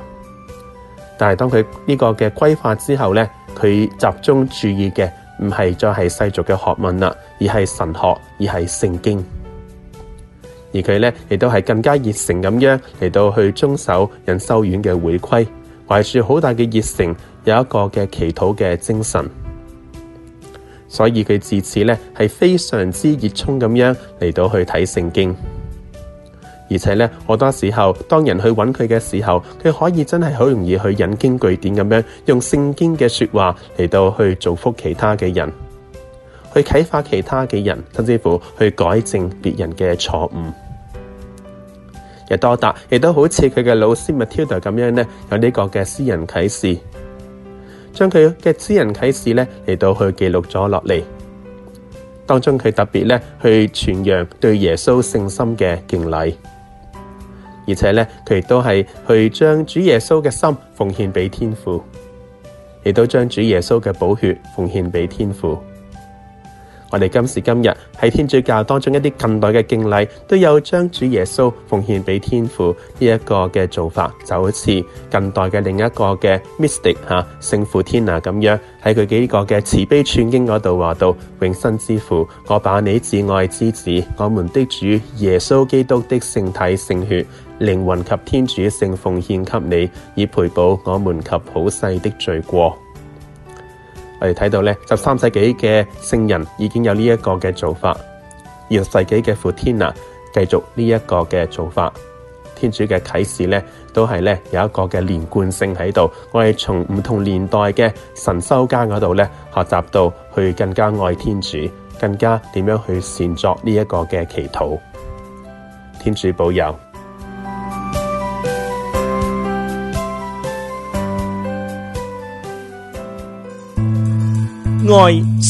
但係當佢呢個嘅歸化之後呢，佢集中注意嘅唔係再係世俗嘅學問啦，而係神學，而係聖經。而佢呢，亦都係更加熱誠咁樣嚟到去遵守隱修院嘅會規，懷住好大嘅熱誠，有一個嘅祈禱嘅精神。所以佢自此咧，係非常之熱衷咁樣嚟到去睇聖經，而且咧，好多時候當人去揾佢嘅時候，佢可以真係好容易去引經據典咁樣用聖經嘅說話嚟到去造福其他嘅人，去啟發其他嘅人，甚至乎去改正別人嘅錯誤。亦多達亦都好似佢嘅老師 Matilda 咁樣咧，有呢個嘅私人啟示。將佢嘅私人啟示咧嚟到去記錄咗落嚟，當中佢特別去傳揚對耶穌聖心嘅敬禮，而且咧佢亦都係去將主耶穌嘅心奉獻俾天父，亦都將主耶穌嘅寶血奉獻俾天父。我哋今時今日喺天主教當中一啲近代嘅敬禮，都有將主耶穌奉獻畀天父呢一個嘅做法，就好似近代嘅另一個嘅 Mystic 吓、啊、聖傅天娜咁樣，喺佢幾個嘅慈悲串經嗰度話到永生之父，我把你至愛之子我們的主耶穌基督的聖體聖血靈魂及天主性奉獻給你，以賠補我們及普世的罪過。我哋睇到呢十三世紀嘅聖人已經有呢一個嘅做法，二十世紀嘅傅天娜，繼續呢一個嘅做法。天主嘅啟示呢都係呢有一個嘅連貫性喺度。我哋從唔同年代嘅神修家嗰度呢，學習到去更加愛天主，更加點樣去善作呢一個嘅祈禱。天主保佑。愛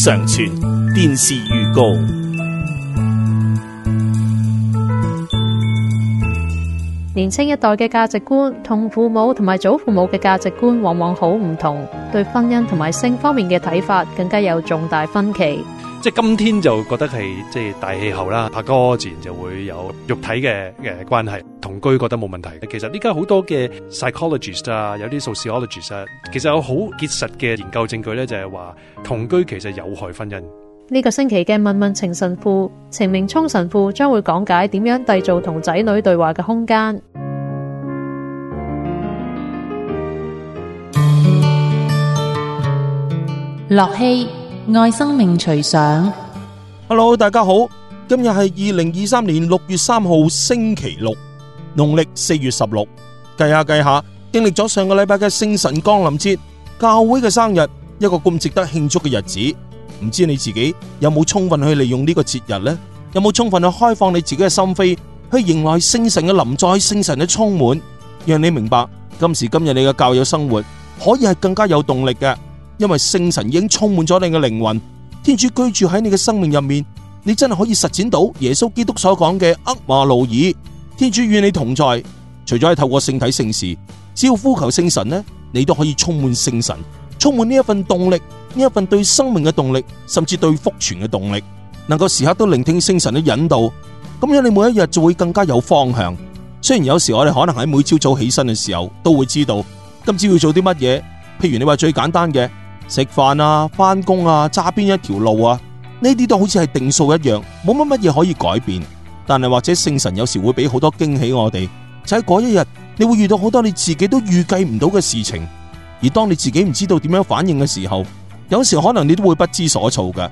常傳電視預告。年輕一代嘅價值觀同父母同埋祖父母嘅價值觀往往好唔同，對婚姻同埋性方面嘅睇法更加有重大分歧。即係今天就覺得係即係大氣候啦，拍哥自然就會有肉體嘅誒關係，同居覺得冇問題。其實依家好多嘅 psychologist 啊，有啲 sociologist，其實有好結實嘅研究證據咧，就係話同居其實有害婚姻。呢個星期嘅問問情神父程明聰神父將會講解點樣締造同仔女對話嘅空間。駱曦。愛生命隨想。Hello，大家好，今日係二零二三年六月三號星期六，農曆四月十六。計下計下，經歷咗上個禮拜嘅聖神降臨節，教會嘅生日，一個咁值得慶祝嘅日子。唔知你自己有冇充分去利用呢個節日呢？有冇充分去開放你自己嘅心扉，去迎來聖神嘅臨在，聖神嘅充滿，讓你明白今時今日你嘅教友生活可以係更加有動力嘅。因為聖神已經充滿咗你嘅靈魂，天主居住喺你嘅生命入面，你真係可以實踐到耶穌基督所講嘅厄瑪路爾。天主與你同在，除咗係透過聖體聖事，只要呼求聖神呢，你都可以充滿聖神，充滿呢一份動力，呢一份對生命嘅動力，甚至對福傳嘅動力，能夠時刻都聆聽聖神嘅引導。咁樣你每一日就會更加有方向。雖然有時我哋可能喺每朝早起身嘅時候都會知道今朝要做啲乜嘢，譬如你話最簡單嘅。食飯啊，翻工啊，揸邊一條路啊？呢啲都好似係定數一樣，冇乜乜嘢可以改變。但係或者聖神有時會俾好多驚喜我哋。就喺嗰一日，你會遇到好多你自己都預計唔到嘅事情。而當你自己唔知道點樣反應嘅時候，有時可能你都會不知所措嘅。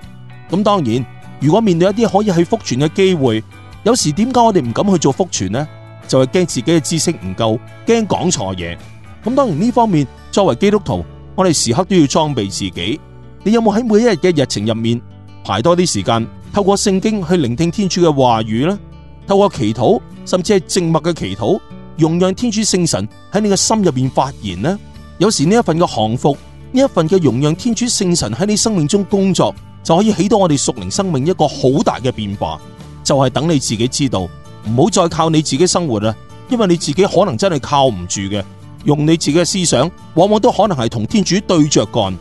咁當然，如果面對一啲可以去福傳嘅機會，有時點解我哋唔敢去做福傳呢？就係驚自己嘅知識唔夠，驚講錯嘢。咁當然呢方面，作為基督徒。我哋時刻都要裝備自己，你有冇喺每一日嘅日程入面排多啲時間，透過聖經去聆聽天主嘅話語呢？透過祈禱，甚至係靜默嘅祈禱，容讓天主聖神喺你嘅心入面發言呢？有時呢一份嘅降服，呢一份嘅容讓天主聖神喺你生命中工作，就可以起到我哋屬靈生命一個好大嘅變化，就係等你自己知道，唔好再靠你自己生活喇！因為你自己可能真係靠唔住嘅。用你自己嘅思想，往往都可能係同天主對着幹。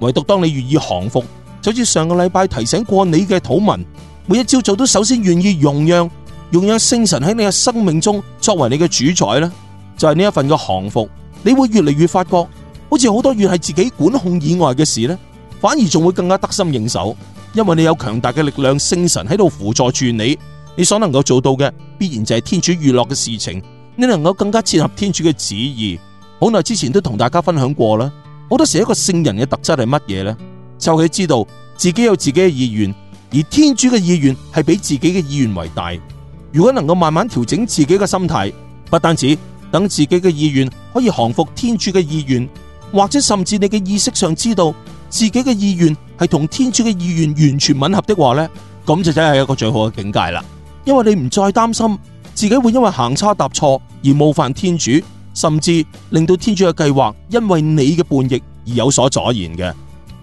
唯獨當你願意降服，就好似上個禮拜提醒過你嘅禱文，每一朝早都首先願意容讓，容讓聖神喺你嘅生命中作為你嘅主宰咧。就係呢一份嘅降服，你會越嚟越發覺，好似好多越係自己管控以外嘅事咧，反而仲會更加得心應手，因為你有強大嘅力量，聖神喺度輔助住你，你所能夠做到嘅，必然就係天主預落嘅事情，你能夠更加切合天主嘅旨意。好耐之前都同大家分享過啦，好多時一個聖人嘅特質係乜嘢呢？就係知道自己有自己嘅意願，而天主嘅意願係比自己嘅意願為大。如果能夠慢慢調整自己嘅心態，不單止等自己嘅意願可以降服天主嘅意願，或者甚至你嘅意識上知道自己嘅意願係同天主嘅意願完全吻合的話呢，咁就真係一個最好嘅境界啦。因為你唔再擔心自己會因為行差踏錯而冒犯天主。甚至令到天主嘅計劃因為你嘅叛逆而有所阻延嘅。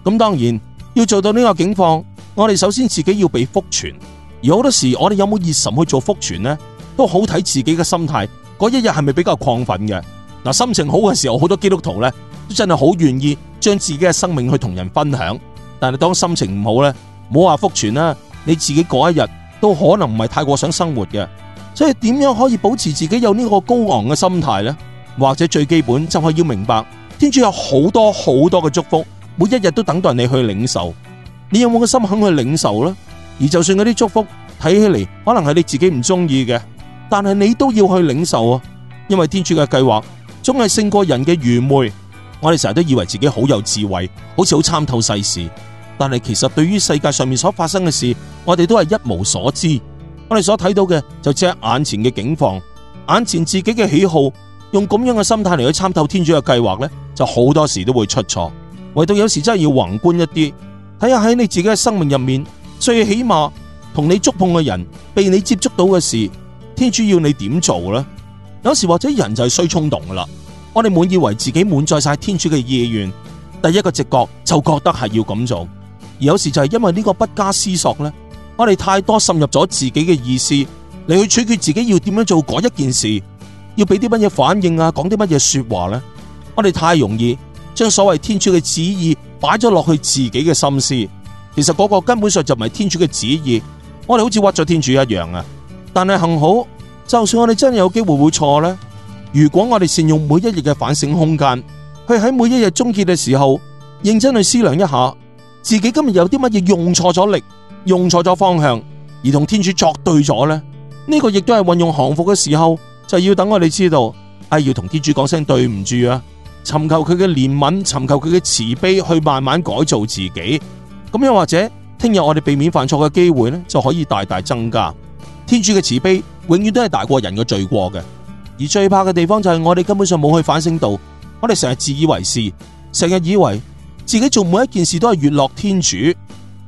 咁當然要做到呢個境況，我哋首先自己要被福傳。而好多時，我哋有冇熱神去做福傳呢？都好睇自己嘅心態。嗰一日係咪比較亢奮嘅？嗱，心情好嘅時候，好多基督徒呢，都真係好願意將自己嘅生命去同人分享。但係當心情唔好呢，唔好話福傳啦，你自己嗰一日都可能唔係太過想生活嘅。所以點樣可以保持自己有呢個高昂嘅心態呢？或者最基本就係要明白，天主有好多好多嘅祝福，每一日都等待你去領受。你有冇個心肯去領受咧？而就算嗰啲祝福睇起嚟可能係你自己唔中意嘅，但係你都要去領受啊，因為天主嘅計劃總係勝過人嘅愚昧。我哋成日都以為自己好有智慧，好似好參透世事，但係其實對於世界上面所發生嘅事，我哋都係一無所知。我哋所睇到嘅就只係眼前嘅景況，眼前自己嘅喜好。用咁樣嘅心態嚟去參透天主嘅計劃呢，就好多時都會出錯。唯到有時真係要宏觀一啲，睇下喺你自己嘅生命入面，最起碼同你觸碰嘅人，被你接觸到嘅事，天主要你點做呢？有時或者人就係衰衝動噶啦，我哋滿以為自己滿載晒天主嘅意願，第一個直覺就覺得係要咁做，而有時就係因為呢個不加思索呢，我哋太多滲入咗自己嘅意思嚟去處決自己要點樣做嗰一件事。要俾啲乜嘢反應啊？講啲乜嘢說話呢？我哋太容易將所謂天主嘅旨意擺咗落去自己嘅心思，其實嗰個根本上就唔係天主嘅旨意。我哋好似屈咗天主一樣啊！但係幸好，就算我哋真係有機會會錯呢。如果我哋善用每一日嘅反省空間，去喺每一日終結嘅時候認真去思量一下自己今日有啲乜嘢用錯咗力、用錯咗方向而同天主作對咗呢，呢、呢個亦都係運用降服嘅時候。就要等我哋知道，哎、啊，要同天主講聲對唔住啊，尋求佢嘅憐憫，尋求佢嘅慈悲，去慢慢改造自己。咁又或者聽日我哋避免犯錯嘅機會呢，就可以大大增加。天主嘅慈悲永遠都係大過人嘅罪過嘅。而最怕嘅地方就係我哋根本上冇去反省到。我哋成日自以為是，成日以為自己做每一件事都係月落天主，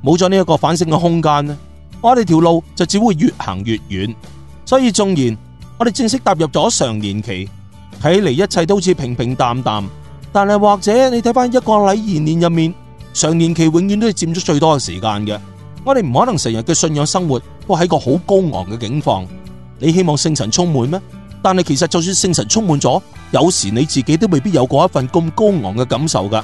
冇咗呢一個反省嘅空間咧，我哋條路就只會越行越遠。所以縱然。我哋正式踏入咗常年期，睇嚟一切都好似平平淡淡。但係或者你睇翻一個禮儀年入面，常年期永遠都係佔咗最多嘅時間嘅。我哋唔可能成日嘅信仰生活都喺個好高昂嘅境況。你希望聖神充滿咩？但係其實就算聖神充滿咗，有時你自己都未必有過一份咁高昂嘅感受噶。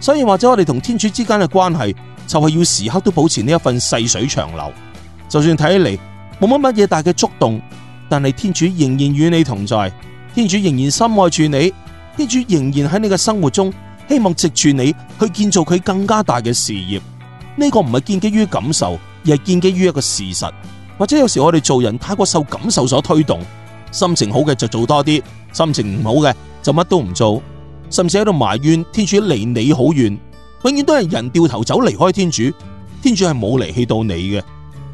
所以或者我哋同天主之間嘅關係就係、是、要時刻都保持呢一份細水長流。就算睇起嚟冇乜乜嘢大嘅觸動，但係天主仍然與你同在，天主仍然深愛住你，天主仍然喺你嘅生活中，希望藉住你去建造佢更加大嘅事業。呢個唔係建基於感受，而係建基於一個事實。或者有時我哋做人太過受感受所推動，心情好嘅就做多啲，心情唔好嘅就乜都唔做，甚至喺度埋怨天主離你好遠。永遠都係人掉頭走離開天主，天主係冇離棄到你嘅。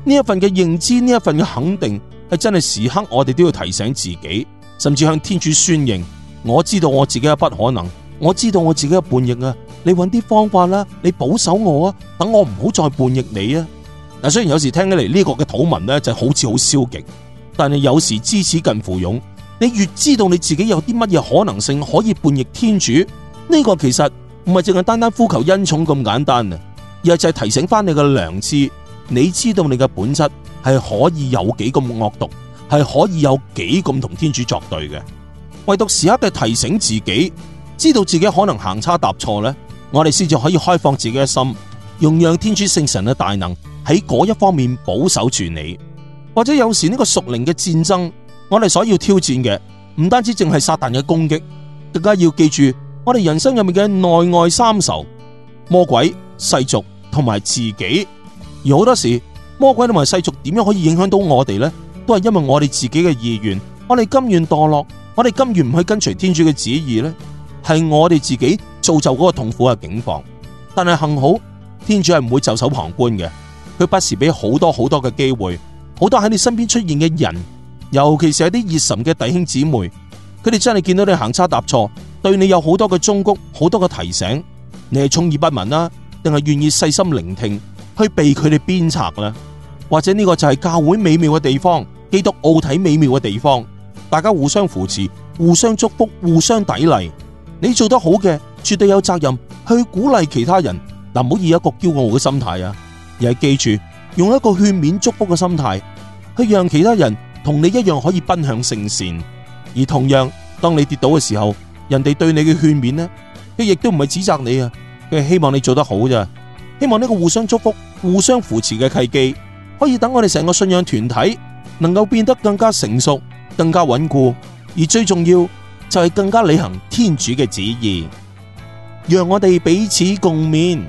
呢一份嘅認知，呢一份嘅肯定。真係時刻，我哋都要提醒自己，甚至向天主宣認。我知道我自己係不可能，我知道我自己有叛逆啊！你揾啲方法啦，你保守我啊，等我唔好再叛逆你啊！嗱，雖然有時聽起嚟呢個嘅土文呢就好似好消極，但係有時知恥近乎勇。你越知道你自己有啲乜嘢可能性可以叛逆天主，呢個其實唔係淨係單單呼求恩寵咁簡單啊，而係就係提醒翻你嘅良知。你知道你嘅本質係可以有幾咁惡毒，係可以有幾咁同天主作對嘅。唯獨時刻嘅提醒自己，知道自己可能行差踏錯呢。我哋先至可以開放自己嘅心，用讓天主聖神嘅大能喺嗰一方面保守住你。或者有時呢個屬靈嘅戰爭，我哋所要挑戰嘅唔單止淨係撒旦嘅攻擊，更加要記住我哋人生入面嘅內外三仇：魔鬼、世俗同埋自己。而好多時，魔鬼同埋世俗點樣可以影響到我哋呢？都係因為我哋自己嘅意願，我哋甘願墮落，我哋甘願唔去跟隨天主嘅旨意呢，係我哋自己造就嗰個痛苦嘅境況。但係幸好，天主係唔會袖手旁觀嘅，佢不時俾好多好多嘅機會，好多喺你身邊出現嘅人，尤其是一啲熱神嘅弟兄姊妹，佢哋真係見到你行差踏錯，對你有好多嘅忠告，好多嘅提醒，你係充耳不聞啦，定係願意細心聆聽？去被佢哋鞭策啦，或者呢個就係教會美妙嘅地方，基督奧體美妙嘅地方，大家互相扶持、互相祝福、互相砥礪。你做得好嘅，絕對有責任去鼓勵其他人，嗱，唔好以一個驕傲嘅心態啊，而係記住用一個勸勉、祝福嘅心態去讓其他人同你一樣可以奔向聖善。而同樣，當你跌倒嘅時候，人哋對你嘅勸勉呢，佢亦都唔係指責你啊，佢係希望你做得好啫。希望呢個互相祝福、互相扶持嘅契機，可以等我哋成個信仰團體能夠變得更加成熟、更加穩固，而最重要就係、是、更加履行天主嘅旨意，讓我哋彼此共勉。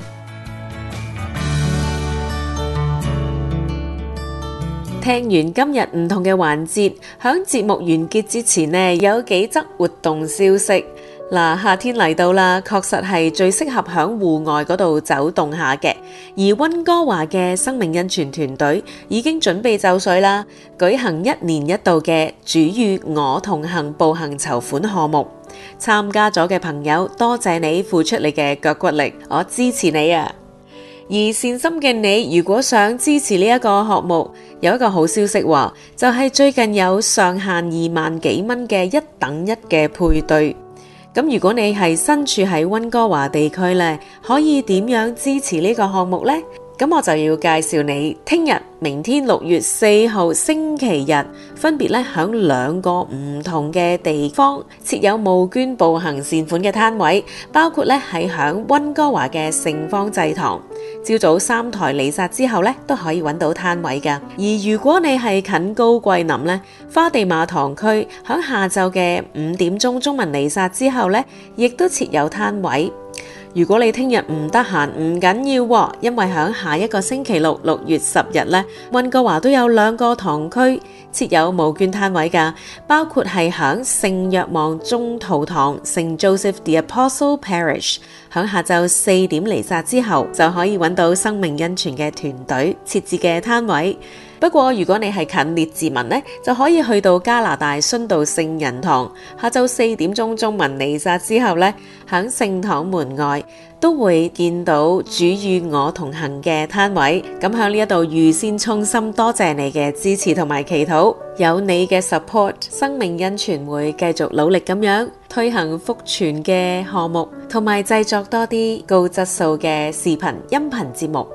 聽完今日唔同嘅環節，響節目完結之前呢，有幾則活動消息。嗱，夏天嚟到啦，確實係最適合響戶外嗰度走動下嘅。而溫哥華嘅生命恩泉團隊已經準備就緒啦，舉行一年一度嘅主與我同行步行籌款項目。參加咗嘅朋友，多謝你付出你嘅腳骨力，我支持你啊！而善心嘅你，如果想支持呢一個項目，有一個好消息話，就係、是、最近有上限二萬幾蚊嘅一等一嘅配對。咁如果你係身處喺溫哥華地區呢，可以點樣支持呢個項目呢？咁我就要介紹你，聽日、明天六月四號星期日，分別咧喺兩個唔同嘅地方設有募捐步行善款嘅攤位，包括咧係響温哥華嘅聖方濟堂，朝早三台彌撒之後咧都可以揾到攤位嘅。而如果你係近高貴林呢，花地瑪堂區喺下晝嘅五點鐘中文彌撒之後呢，亦都設有攤位。如果你聽日唔得閒，唔緊要，因為喺下一個星期六六月十日呢，溫哥華都有兩個堂區設有募捐攤位嘅，包括係響聖約望宗徒堂 （St. Joseph the Apostle Parish） 響下晝四點彌撒之後就可以揾到生命恩泉嘅團隊設置嘅攤位。不過如果你係近列治文咧，就可以去到加拿大殉道聖人堂。下晝四點鐘中文彌撒之後咧，響聖堂門外都會見到主與我同行嘅攤位。咁響呢一度預先衷心多謝你嘅支持同埋祈禱，有你嘅 support，生命恩泉會繼續努力咁樣推行福傳嘅項目，同埋製作多啲高質素嘅視頻音頻節目。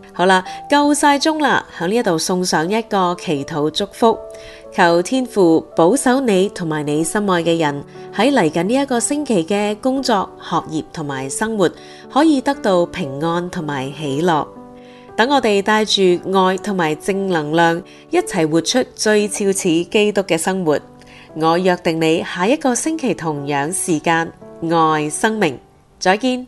好啦，夠晒鐘啦，喺呢一度送上一個祈禱祝福，求天父保守你同埋你心愛嘅人喺嚟緊呢一個星期嘅工作、學業同埋生活可以得到平安同埋喜樂。等我哋帶住愛同埋正能量一齊活出最肖似基督嘅生活。我約定你下一個星期同樣時間愛生命，再見。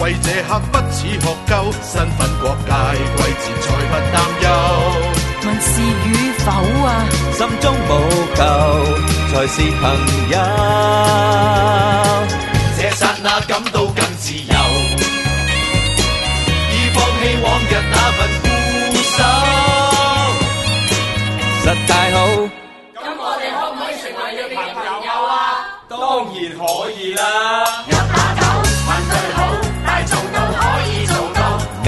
為這刻不似學究，身份國界貴賤才不擔憂。問是與否啊，心中無求才是朋友。這剎那感到更自由，已放棄往日那份固守，實大好。咁我哋可唔可以成為一班朋友啊？當然可以啦。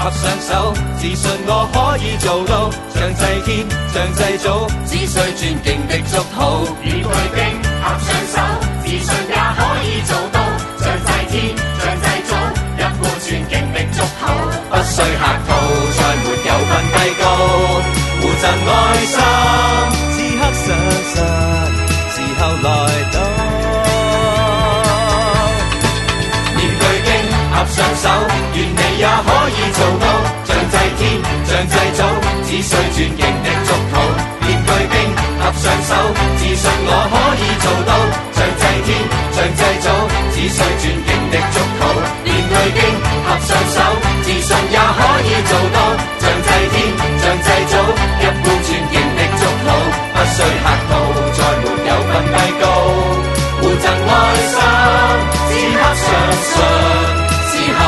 合上手，自信我可以做到，像祭天，像祭祖，只需尊敬的祝禱與跪敬。合上手，自信也可以做到，像祭天，像祭祖，一步尊敬的祝禱，不需客套，再沒有份低高，互贈愛心，此刻相識，時候來到。上手，願你也可以做到，像祭天，像祭祖，只需尊敬的祝禱。面巨兵，合上手，自信我可以做到，像祭天，像祭祖，只需尊敬的祝禱。面巨兵，合上手，自信也可以做到，像祭天，像祭祖，一般尊敬的祝禱，不需客套，再沒有問帝高，互贈愛心，此刻上上。